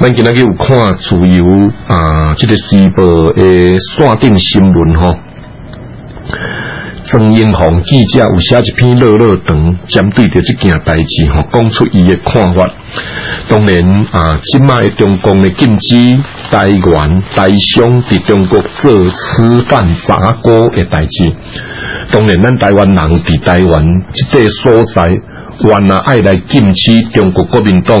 咱今日有看自由啊，這個時報誒，線頂新聞吼，曾蔭洪記者有寫一篇落落長，針對着這件代志吼，講出伊嘅看法。當年啊，即賣中共嘅禁止台灣、台商佇中國做吃飯砸鍋嘅代志。當年咱台灣人佇台灣，即個所在原來愛來禁止中國國民黨，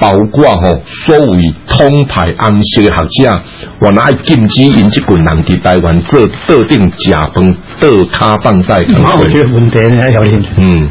包括吼、哦，所謂通牌暗勢學者，原來禁止因這羣人喺台灣做特定食飯、做卡放晒。嗯。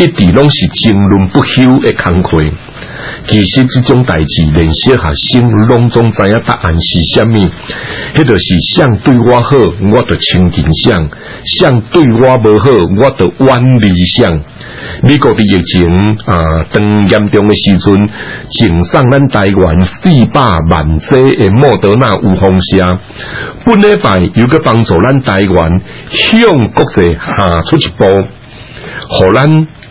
一直攏是爭論不休嘅感慨，其實這種代志，連小學生攏總知影答案是咩？那就是誰對我好，我就親近誰；誰對我唔好，我就遠離誰。美國啲疫情啊，當嚴重嘅時陣，緊送咱台灣四百萬劑嘅莫德納有風聲，本禮拜有個幫助，咱台灣向國際行、啊、出一步，互咱。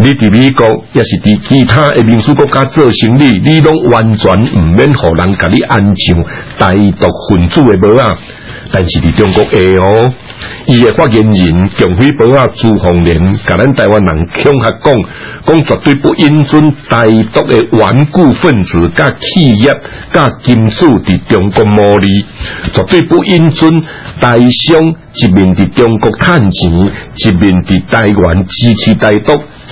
你佇美國，抑是佇其他誒民主國家做生意，你都完全毋免互人甲你安照大毒分子誒帽啊。但是佇中國嘅哦，伊誒發言人強輝保啊朱鳳蓮，甲咱台灣人強下講，講絕對不允准大毒誒頑固分子、甲企業、甲金屬佇中國牟利，絕對不允准大商一面佇中國趁錢，一面佇台灣支持大毒。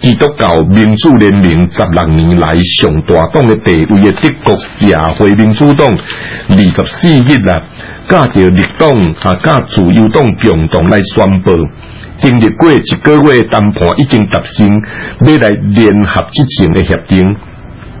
基督教民主聯盟十六年來最大黨嘅地位嘅德國社會民主黨二十四日啦，加立黨、嚇、啊、加自由黨共同來宣布，經歷過一個月嘅談判已經達成未來聯合執政嘅協定。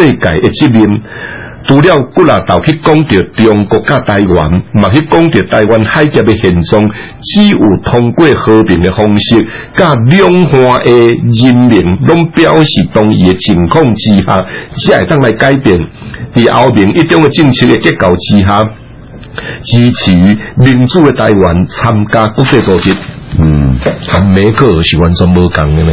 世界的責任，除了國人導去講到中國甲台灣，嘛去講到台灣海峽的現狀，只有通過和平的方式，甲兩岸的人民攏表示同意的情況之下，才會當來改變。佇後面一種嘅政策嘅結構之下，支持民主嘅台灣參加國際組織。嗯，啊，美國是完全無同嘅呢。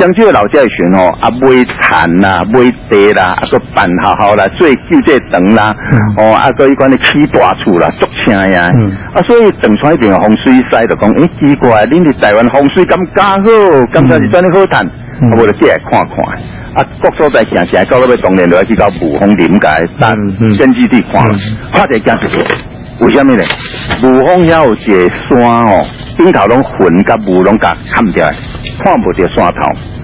漳州的老家群哦，啊買田啦，買地啦，啊個辦學校啦，做救濟堂啦，哦、嗯、啊所迄款你起大厝啦，築車呀，啊所以整出來一段風水師就，就講誒奇怪，恁的台灣風水咁加好，咁但是轉去好啊我來借來看看。啊，各所在鄉鄉搞到要當然落去到霧峰林界，但先至地看，看者驚是，為啥物呢？霧峰遐有一個山哦，頂、啊、頭攏雲甲霧攏甲看唔掉，看無一個山頭。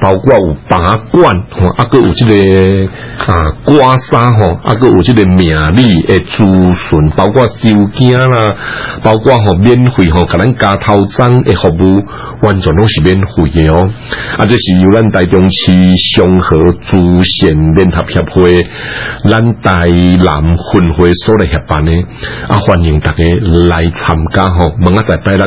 包括有拔罐，阿、啊、有、這個、啊刮痧，嗬，啊、還有啲嘅命理咨詢，包括收件，啦，包括、哦、免費嗬、哦，可加套餐服務，完全都是免費誒。哦。啊，這是由咱台中市祥和慈善聯合協會，咱台南分會所嚟協辦嘅，啊，歡迎大家來參加、哦，嗬，明仔載拜六